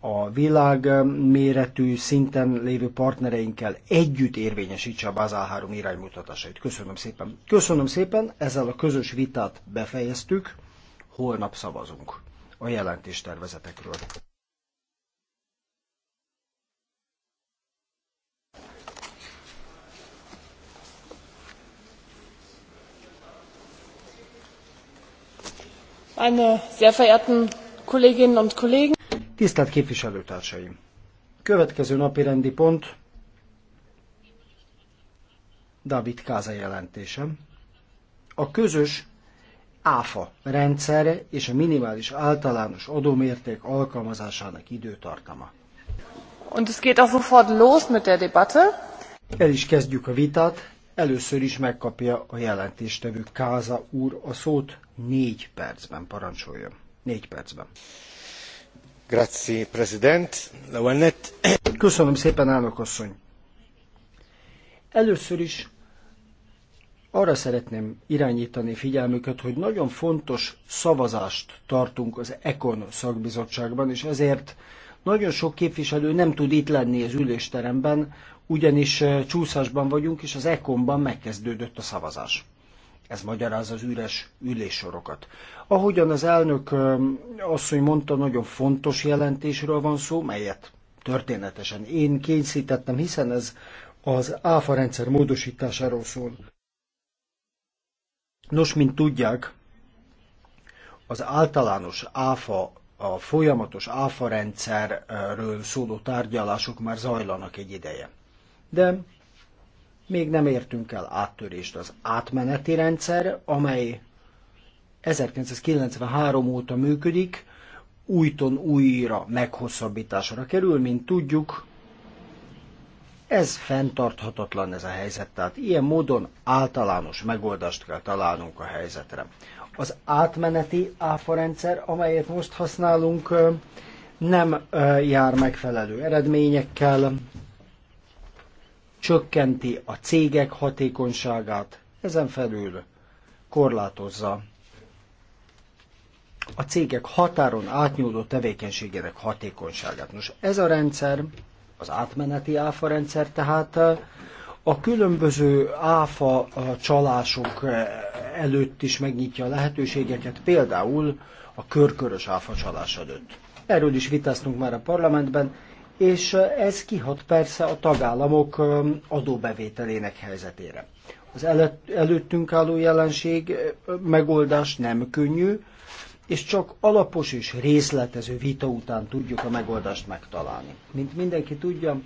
a világ méretű szinten lévő partnereinkkel együtt érvényesítse a Bázál 3 iránymutatásait. Köszönöm szépen. Köszönöm szépen, ezzel a közös vitát befejeztük, holnap szavazunk a jelentéstervezetekről. Meine sehr verehrten Kolleginnen und Kollegen! Tisztelt képviselőtársaim! Következő napi rendi pont David Káza jelentésem. A közös áfa rendszere és a minimális általános adómérték alkalmazásának időtartama. Und es geht auch sofort los mit der Debatte. El is kezdjük a vitát. Először is megkapja a jelentéstevő Káza úr a szót négy percben parancsoljon. Négy percben. Köszönöm szépen, Először is arra szeretném irányítani figyelmüket, hogy nagyon fontos szavazást tartunk az ECON szakbizottságban, és ezért nagyon sok képviselő nem tud itt lenni az ülésteremben, ugyanis eh, csúszásban vagyunk, és az ECON-ban megkezdődött a szavazás. Ez magyaráz az üres üléssorokat. Ahogyan az elnök asszony mondta, nagyon fontos jelentésről van szó, melyet történetesen én kényszítettem, hiszen ez az áfa rendszer módosításáról szól. Nos, mint tudják, az általános áfa, a folyamatos áfa rendszerről szóló tárgyalások már zajlanak egy ideje. De még nem értünk el áttörést. Az átmeneti rendszer, amely 1993 óta működik, újton újra meghosszabbításra kerül, mint tudjuk, ez fenntarthatatlan ez a helyzet, tehát ilyen módon általános megoldást kell találnunk a helyzetre. Az átmeneti áfarendszer, amelyet most használunk, nem jár megfelelő eredményekkel, csökkenti a cégek hatékonyságát, ezen felül korlátozza a cégek határon átnyúló tevékenységének hatékonyságát. Nos, ez a rendszer, az átmeneti áfa rendszer tehát a különböző áfa csalások eh, előtt is megnyitja a lehetőségeket, például a körkörös áfa csalás előtt. Erről is vitáztunk már a parlamentben, és ez kihat persze a tagállamok adóbevételének helyzetére. Az előttünk álló jelenség megoldás nem könnyű, és csak alapos és részletező vita után tudjuk a megoldást megtalálni. Mint mindenki tudja,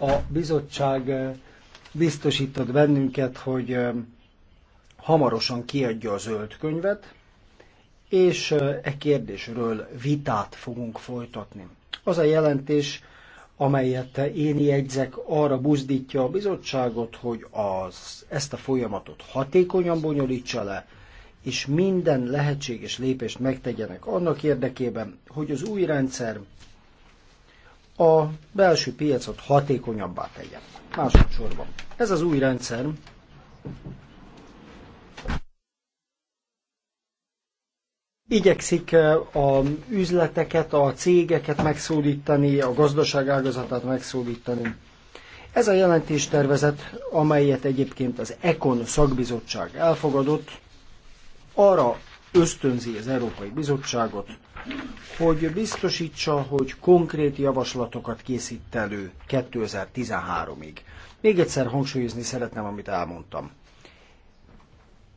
a bizottság biztosított bennünket, hogy hamarosan kiadja a zöld könyvet, és e kérdésről vitát fogunk folytatni. Az a jelentés amelyet én jegyzek, arra buzdítja a bizottságot, hogy az, ezt a folyamatot hatékonyan bonyolítsa le, és minden lehetséges lépést megtegyenek annak érdekében, hogy az új rendszer a belső piacot hatékonyabbá tegye. Másodszorban. Ez az új rendszer igyekszik a üzleteket, a cégeket megszólítani, a gazdaság ágazatát megszólítani. Ez a jelentéstervezet, amelyet egyébként az Econ szakbizottság elfogadott, arra ösztönzi az Európai Bizottságot, hogy biztosítsa, hogy konkrét javaslatokat készít elő 2013-ig. Még egyszer hangsúlyozni szeretném, amit elmondtam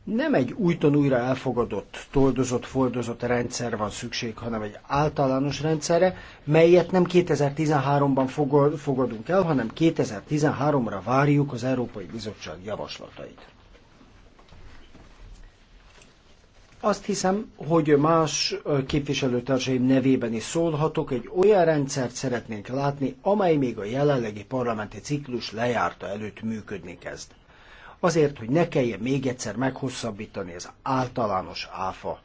nem egy újton újra elfogadott, toldozott, foldozott rendszer van szükség, hanem egy általános rendszerre, melyet nem 2013-ban fogadunk el, hanem 2013-ra várjuk az Európai Bizottság javaslatait. Azt hiszem, hogy más képviselőtársaim nevében is szólhatok, egy olyan rendszert szeretnénk látni, amely még a jelenlegi parlamenti ciklus lejárta előtt működni kezd azért, hogy ne kelljen még egyszer meghosszabbítani az általános áfa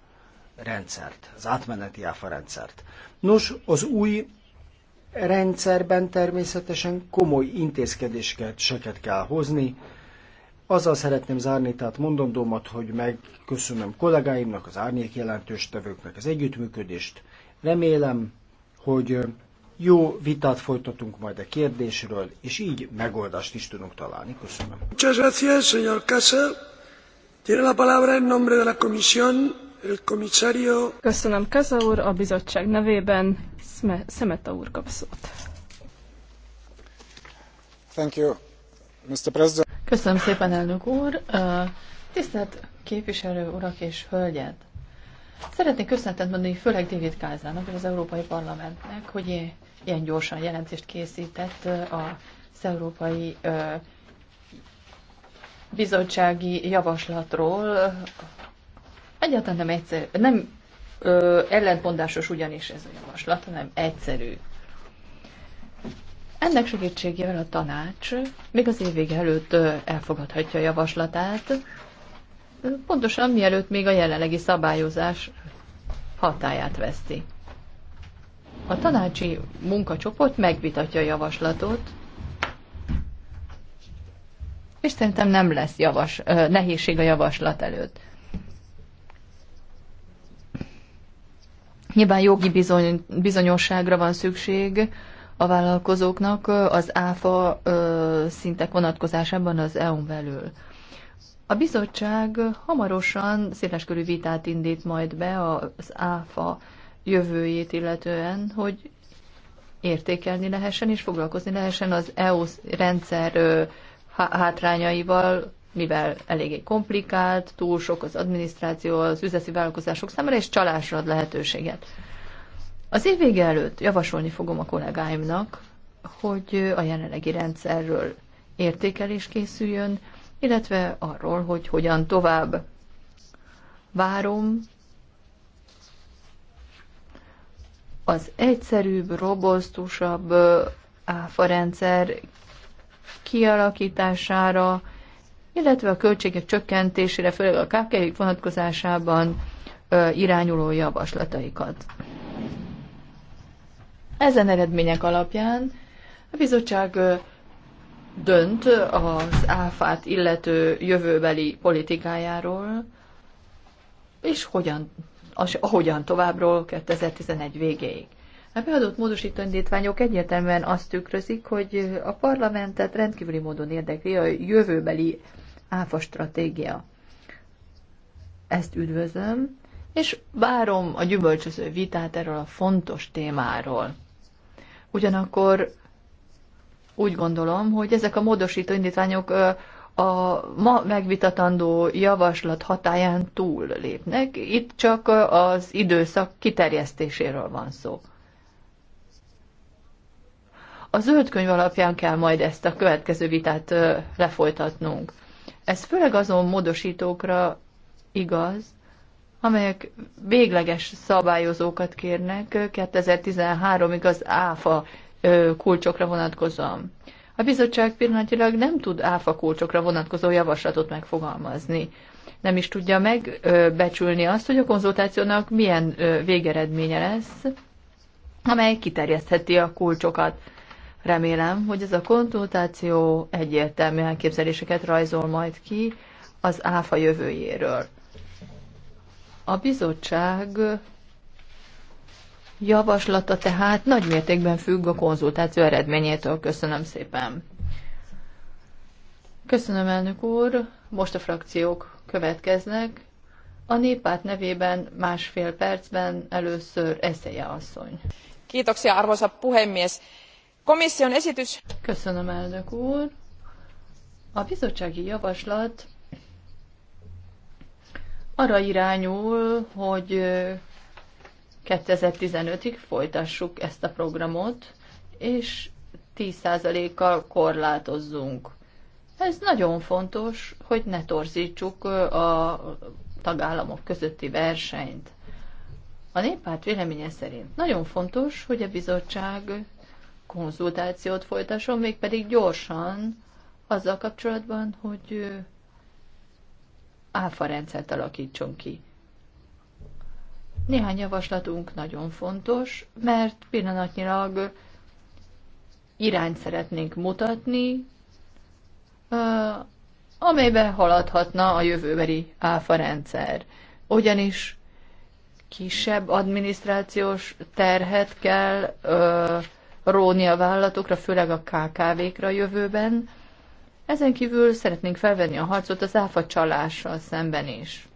rendszert, az átmeneti áfa rendszert. Nos, az új rendszerben természetesen komoly intézkedéseket kell hozni. Azzal szeretném zárni, tehát mondandómat, hogy megköszönöm kollégáimnak, az árnyék jelentős tevőknek az együttműködést. Remélem, hogy jó vitát folytatunk majd a kérdésről, és így megoldást is tudunk találni. Köszönöm. Muchas gracias, señor Casa. Tiene la palabra en nombre de la comisión el comisario. Köszönöm, Kaza úr, a bizottság nevében Szme Szemeta úr kap szót. Thank you, Mr. President. Köszönöm szépen, elnök úr. Tisztelt képviselő urak és hölgyet! Szeretnék köszönetet mondani, főleg David Kázának az Európai Parlamentnek, hogy ilyen gyorsan jelentést készített az Európai Bizottsági Javaslatról. Egyáltalán nem egyszerű, nem ö, ellentmondásos ugyanis ez a javaslat, hanem egyszerű. Ennek segítségével a tanács még az év vége előtt elfogadhatja a javaslatát, pontosan mielőtt még a jelenlegi szabályozás hatáját veszti. A tanácsi munkacsoport megvitatja a javaslatot, és szerintem nem lesz javas, eh, nehézség a javaslat előtt. Nyilván jogi bizony, bizonyosságra van szükség a vállalkozóknak az áfa eh, szintek vonatkozásában az EU-n belül. A bizottság hamarosan széleskörű vitát indít majd be az ÁFA jövőjét illetően, hogy értékelni lehessen és foglalkozni lehessen az EU rendszer hátrányaival, mivel eléggé komplikált, túl sok az adminisztráció az üzleti vállalkozások számára, és csalásra ad lehetőséget. Az év vége előtt javasolni fogom a kollégáimnak, hogy a jelenlegi rendszerről értékelés készüljön, illetve arról, hogy hogyan tovább. Várom az egyszerűbb, robosztusabb áfarendszer kialakítására, illetve a költségek csökkentésére, főleg a kkv vonatkozásában irányuló javaslataikat. Ezen eredmények alapján a bizottság dönt az áfát illető jövőbeli politikájáról, és hogyan, az, ahogyan továbbról 2011 végéig. A beadott módosítóindítványok egyértelműen azt tükrözik, hogy a parlamentet rendkívüli módon érdekli a jövőbeli áfa stratégia. Ezt üdvözlöm, és várom a gyümölcsöző vitát erről a fontos témáról. Ugyanakkor úgy gondolom, hogy ezek a módosító indítványok a ma megvitatandó javaslat hatáján túl lépnek, itt csak az időszak kiterjesztéséről van szó. A zöld könyv alapján kell majd ezt a következő vitát lefolytatnunk. Ez főleg azon módosítókra igaz, amelyek végleges szabályozókat kérnek 2013-ig az ÁFA kulcsokra vonatkozóan. A bizottság pillanatilag nem tud áfa kulcsokra vonatkozó javaslatot megfogalmazni. Nem is tudja megbecsülni azt, hogy a konzultációnak milyen végeredménye lesz, amely kiterjesztheti a kulcsokat. Remélem, hogy ez a konzultáció egyértelmű elképzeléseket rajzol majd ki az áfa jövőjéről. A bizottság javaslata tehát nagy mértékben függ a konzultáció eredményétől. Köszönöm szépen. Köszönöm, elnök úr. Most a frakciók következnek. A néppárt nevében másfél percben először Eszeje asszony. Kiitoksia, arvoisa puhemies. Komission esitys... Köszönöm, elnök úr. A bizottsági javaslat arra irányul, hogy 2015-ig folytassuk ezt a programot, és 10%-kal korlátozzunk. Ez nagyon fontos, hogy ne torzítsuk a tagállamok közötti versenyt. A néppárt véleménye szerint nagyon fontos, hogy a bizottság konzultációt folytasson, mégpedig gyorsan azzal kapcsolatban, hogy áfa rendszert alakítson ki. Néhány javaslatunk nagyon fontos, mert pillanatnyilag irányt szeretnénk mutatni, amelybe haladhatna a jövőbeli áfa rendszer. Ugyanis kisebb adminisztrációs terhet kell ö, róni a vállalatokra, főleg a KKV-kra jövőben. Ezen kívül szeretnénk felvenni a harcot az áfa csalással szemben is.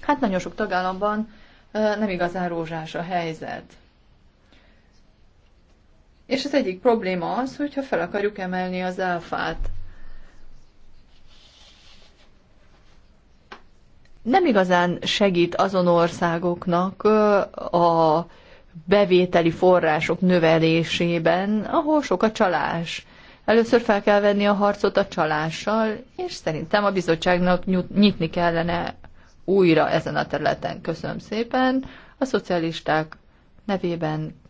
Hát nagyon sok tagállamban nem igazán rózsás a helyzet. És az egyik probléma az, hogyha fel akarjuk emelni az áfát. Nem igazán segít azon országoknak a bevételi források növelésében, ahol sok a csalás. Először fel kell venni a harcot a csalással, és szerintem a bizottságnak nyitni kellene újra ezen a területen. Köszönöm szépen. A szocialisták nevében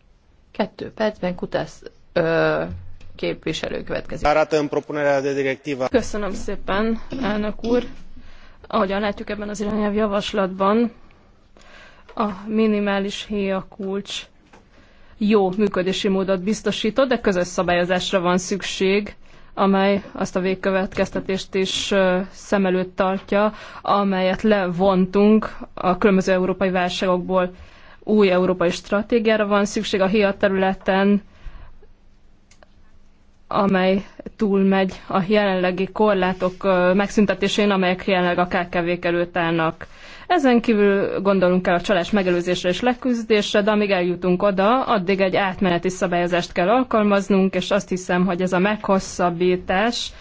kettő percben kutász ö, képviselő következik. Köszönöm szépen, elnök úr. Ahogyan látjuk ebben az irányelv javaslatban, a minimális héja kulcs jó működési módot biztosított, de közös szabályozásra van szükség amely azt a végkövetkeztetést is szem előtt tartja, amelyet levontunk a különböző európai válságokból. Új európai stratégiára van szükség a HIA területen, amely túlmegy a jelenlegi korlátok megszüntetésén, amelyek jelenleg a KKV-k előtt állnak. Ezen kívül gondolunk el a csalás megelőzésre és leküzdésre, de amíg eljutunk oda, addig egy átmeneti szabályozást kell alkalmaznunk, és azt hiszem, hogy ez a meghosszabbítás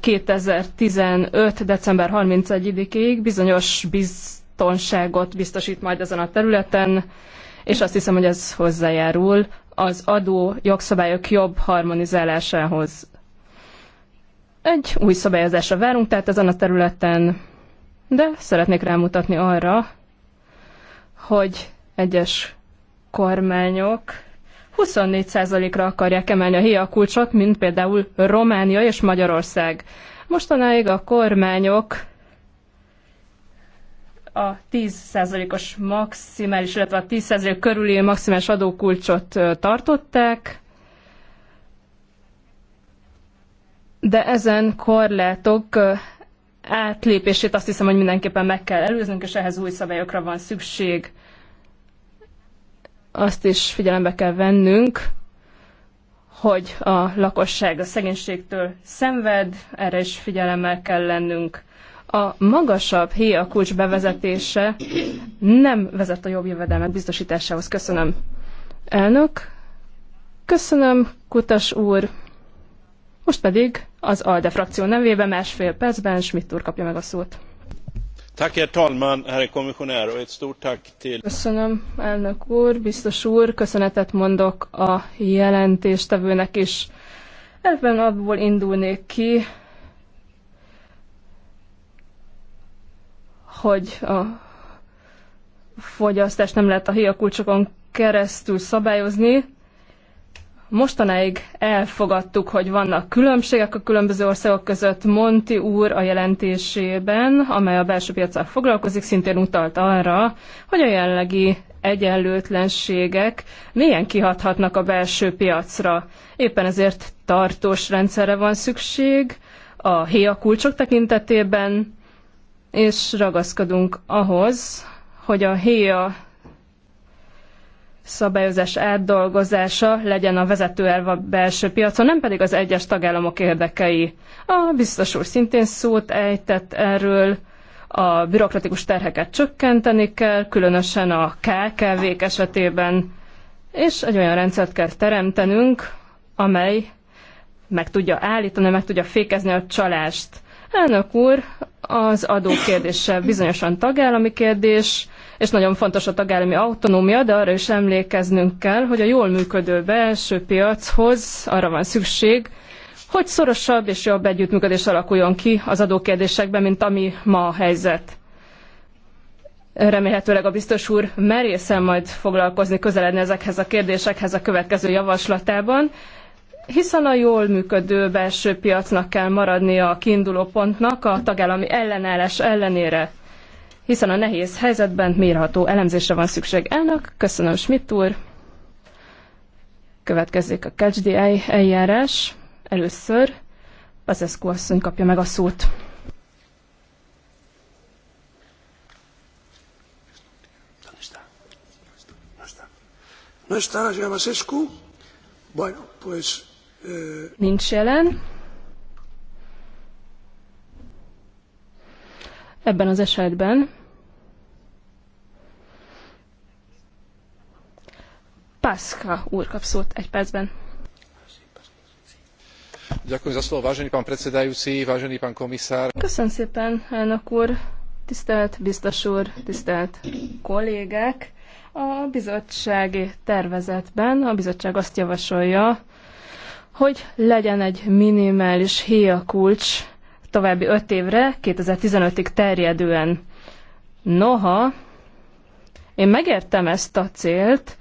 2015. december 31-ig bizonyos biztonságot biztosít majd ezen a területen, és azt hiszem, hogy ez hozzájárul az adó jogszabályok jobb harmonizálásához. Egy új szabályozásra várunk, tehát ezen a területen de szeretnék rámutatni arra, hogy egyes kormányok 24%-ra akarják emelni a kulcsot, mint például Románia és Magyarország. Mostanáig a kormányok a 10%-os maximális, illetve a 10% körüli maximális adókulcsot tartották, de ezen korlátok átlépését azt hiszem, hogy mindenképpen meg kell előznünk, és ehhez új szabályokra van szükség. Azt is figyelembe kell vennünk, hogy a lakosság a szegénységtől szenved, erre is figyelemmel kell lennünk. A magasabb kulcs bevezetése nem vezet a jobb jövedelmek biztosításához. Köszönöm. Elnök, köszönöm, Kutas úr. Most pedig az ALDE frakció nevében másfél percben Schmidt úr kapja meg a szót. Tack, herr talman, herr kommissionär, och ett stort tack till... Köszönöm, elnök úr, biztos úr, köszönetet mondok a jelentéstevőnek is. Ebben abból indulnék ki, hogy a fogyasztást nem lehet a hiakulcsokon keresztül szabályozni, Mostanáig elfogadtuk, hogy vannak különbségek a különböző országok között. Monti úr a jelentésében, amely a belső piacsal foglalkozik, szintén utalt arra, hogy a jelenlegi egyenlőtlenségek milyen kihathatnak a belső piacra. Éppen ezért tartós rendszerre van szükség a héja kulcsok tekintetében, és ragaszkodunk ahhoz, hogy a héja szabályozás átdolgozása legyen a vezetőelv a belső piacon, nem pedig az egyes tagállamok érdekei. A biztos úr szintén szót ejtett erről, a bürokratikus terheket csökkenteni kell, különösen a KKV-k esetében, és egy olyan rendszert kell teremtenünk, amely meg tudja állítani, meg tudja fékezni a csalást. Elnök úr, az adókérdése bizonyosan tagállami kérdés, és nagyon fontos a tagállami autonómia, de arra is emlékeznünk kell, hogy a jól működő belső piachoz arra van szükség, hogy szorosabb és jobb együttműködés alakuljon ki az adókérdésekben, mint ami ma a helyzet. Remélhetőleg a biztos úr merészen majd foglalkozni, közeledni ezekhez a kérdésekhez a következő javaslatában, hiszen a jól működő belső piacnak kell maradnia a kiinduló pontnak a tagállami ellenállás ellenére hiszen a nehéz helyzetben mérható elemzésre van szükség. Elnök, köszönöm Schmidt úr. Következzék a CatchDI eljárás. Először Pazeszkó asszony kapja meg a szót. Eh, Nincs jelen. Ebben az esetben Pászka úr kap szót egy percben. Köszönöm szépen, elnök úr, tisztelt biztos úr, tisztelt kollégák! A bizottsági tervezetben a bizottság azt javasolja, hogy legyen egy minimális héjakulcs további öt évre, 2015-ig terjedően. Noha, én megértem ezt a célt,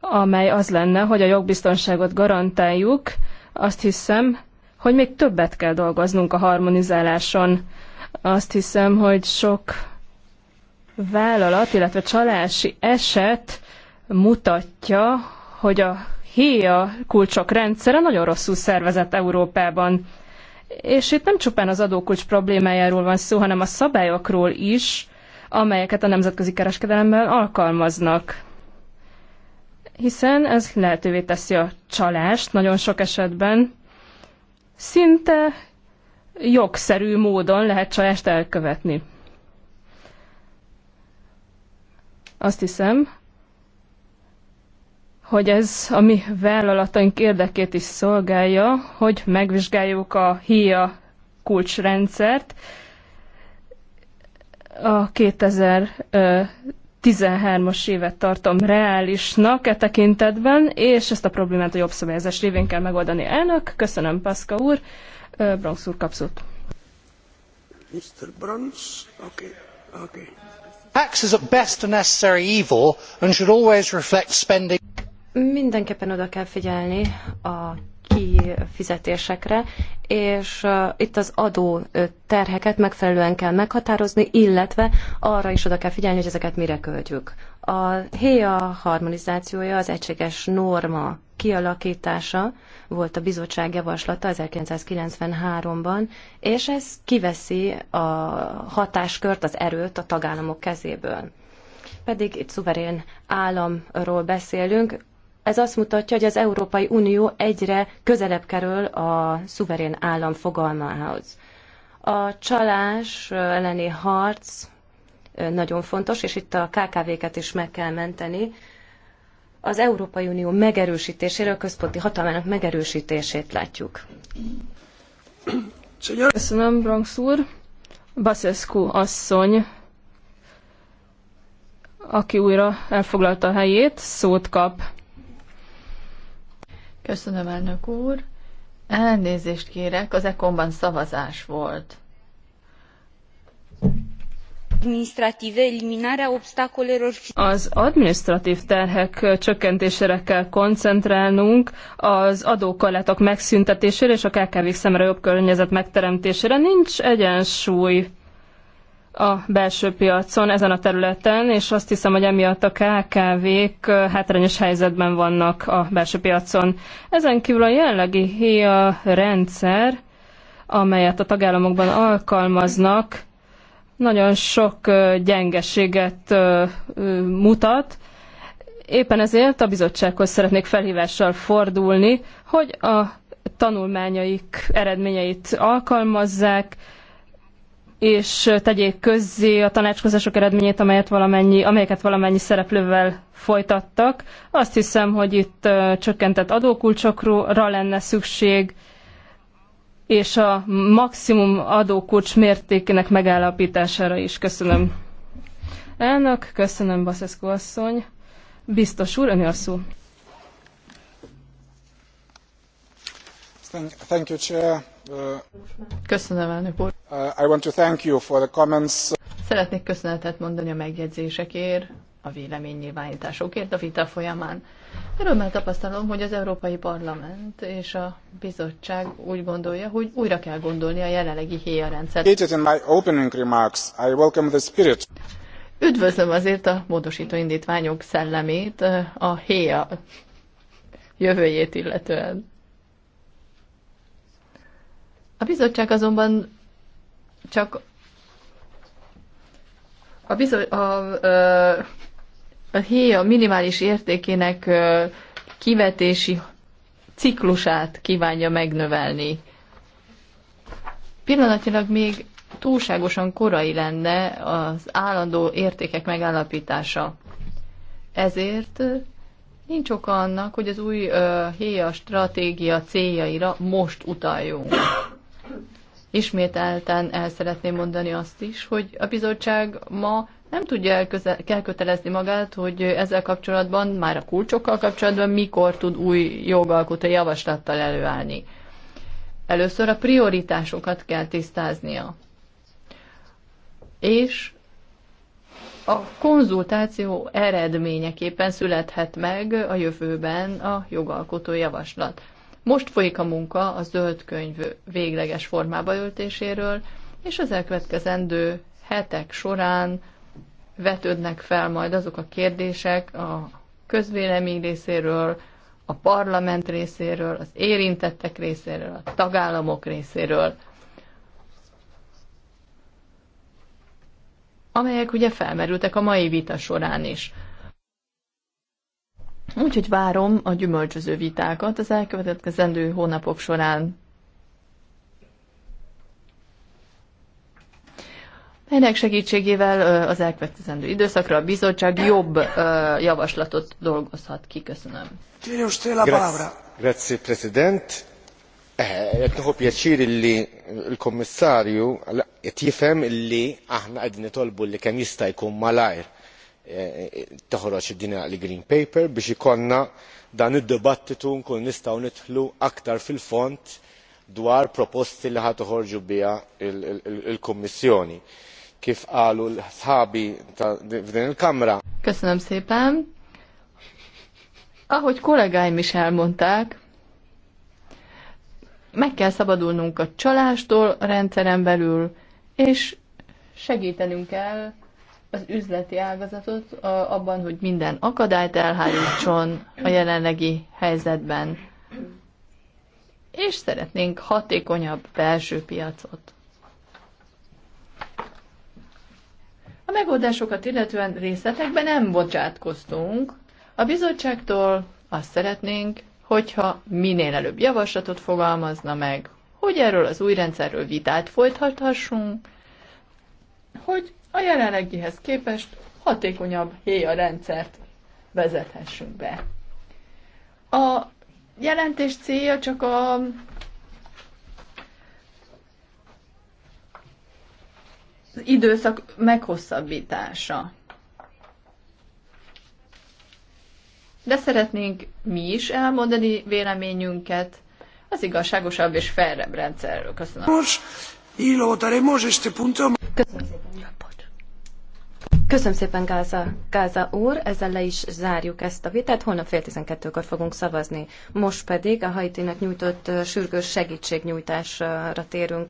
amely az lenne, hogy a jogbiztonságot garantáljuk, azt hiszem, hogy még többet kell dolgoznunk a harmonizáláson. Azt hiszem, hogy sok vállalat, illetve csalási eset mutatja, hogy a héja kulcsok rendszere nagyon rosszul szervezett Európában. És itt nem csupán az adókulcs problémájáról van szó, hanem a szabályokról is, amelyeket a nemzetközi kereskedelemben alkalmaznak hiszen ez lehetővé teszi a csalást nagyon sok esetben. Szinte jogszerű módon lehet csalást elkövetni. Azt hiszem, hogy ez a mi vállalataink érdekét is szolgálja, hogy megvizsgáljuk a HIA kulcsrendszert, a 2000 13-as évet tartom reálisnak e tekintetben, és ezt a problémát a jobb szabályozás révén kell megoldani. Elnök, köszönöm Paszka úr, Bronx úr kapszót. Mr. Bronx, okay, okay. Taxes is at best a necessary evil and should always reflect spending. Mindenképpen oda kell figyelni a fizetésekre, és itt az adó terheket megfelelően kell meghatározni, illetve arra is oda kell figyelni, hogy ezeket mire költjük. A HÉA e harmonizációja, az egységes norma kialakítása volt a bizottság javaslata 1993-ban, és ez kiveszi a hatáskört, az erőt a tagállamok kezéből. Pedig itt szuverén államról beszélünk, ez azt mutatja, hogy az Európai Unió egyre közelebb kerül a szuverén állam fogalmához. A csalás elleni harc nagyon fontos, és itt a KKV-ket is meg kell menteni. Az Európai Unió megerősítéséről, központi hatalmának megerősítését látjuk. Köszönöm, Bronx úr. Basescu asszony, aki újra elfoglalta a helyét, szót kap. Köszönöm, elnök úr. Elnézést kérek, az ekonban szavazás volt. Az administratív terhek csökkentésére kell koncentrálnunk, az adókorlátok megszüntetésére és a KKV-k jobb környezet megteremtésére. Nincs egyensúly a belső piacon, ezen a területen, és azt hiszem, hogy emiatt a KKV-k hátrányos helyzetben vannak a belső piacon. Ezen kívül a jelenlegi HIA rendszer, amelyet a tagállamokban alkalmaznak, nagyon sok gyengeséget mutat, Éppen ezért a bizottsághoz szeretnék felhívással fordulni, hogy a tanulmányaik eredményeit alkalmazzák, és tegyék közzé a tanácskozások eredményét, amelyet valamennyi, amelyeket valamennyi szereplővel folytattak. Azt hiszem, hogy itt csökkentett adókulcsokra lenne szükség, és a maximum adókulcs mértékének megállapítására is. Köszönöm. Elnök, köszönöm, Baszeszko asszony. Biztos úr, ön a szó. Thank you, Chair. Uh, Köszönöm, elnök úr. Uh, I want to thank you for the comments. Szeretnék köszönetet mondani a megjegyzésekért, a véleménynyilvánításokért a vita folyamán. Örömmel tapasztalom, hogy az Európai Parlament és a bizottság úgy gondolja, hogy újra kell gondolni a jelenlegi héja rendszert. Üdvözlöm azért a módosító indítványok szellemét, uh, a héja jövőjét illetően. A bizottság azonban csak a, bizony, a, a, a héja minimális értékének kivetési ciklusát kívánja megnövelni. Pillanatilag még túlságosan korai lenne az állandó értékek megállapítása. Ezért nincs oka annak, hogy az új héja stratégia céljaira most utaljunk. Ismételten el szeretném mondani azt is, hogy a bizottság ma nem tudja elköze- kell kötelezni magát, hogy ezzel kapcsolatban, már a kulcsokkal kapcsolatban mikor tud új jogalkotói javaslattal előállni. Először a prioritásokat kell tisztáznia. És a konzultáció eredményeképpen születhet meg a jövőben a jogalkotó javaslat. Most folyik a munka a zöld könyv végleges formába öltéséről, és az elkövetkezendő hetek során vetődnek fel majd azok a kérdések a közvélemény részéről, a parlament részéről, az érintettek részéről, a tagállamok részéről, amelyek ugye felmerültek a mai vita során is. Úgyhogy várom a gyümölcsöző vitákat az elkövetkezendő hónapok során. Ennek segítségével az elkövetkezendő időszakra a bizottság jobb javaslatot dolgozhat ki. Köszönöm. Grazie, President. Etnħob eh, jaċir illi il-Kommissarju jtifem illi aħna għedni tolbu li kem jista' jkun malajr toħroġ din il green paper biex ikollna dan id-dibattitu nkunu nistgħu nidħlu aktar fil fond dwar proposti li ħad toħorġu biha il kummissjoni. Kif qalu sħabi f'din il-Kamra. Köszönöm szépen. Ahogy kollégáim is elmondták, meg kell szabadulnunk a csalástól rendszeren belül, és segítenünk kell az üzleti ágazatot abban, hogy minden akadályt elhárítson a jelenlegi helyzetben, és szeretnénk hatékonyabb belső piacot. A megoldásokat illetően részletekben nem bocsátkoztunk. A bizottságtól azt szeretnénk, hogyha minél előbb javaslatot fogalmazna meg, hogy erről az új rendszerről vitát folytathassunk, hogy a jelenlegihez képest hatékonyabb héja rendszert vezethessünk be. A jelentés célja csak a az időszak meghosszabbítása. De szeretnénk mi is elmondani véleményünket az igazságosabb és felrebb rendszerről. Köszönöm. Köszönöm szépen. Köszönöm szépen, Gáza, Gáza úr, ezzel le is zárjuk ezt a vitát, holnap fél tizenkettőkor fogunk szavazni. Most pedig a Haitinak nyújtott sürgős segítségnyújtásra térünk.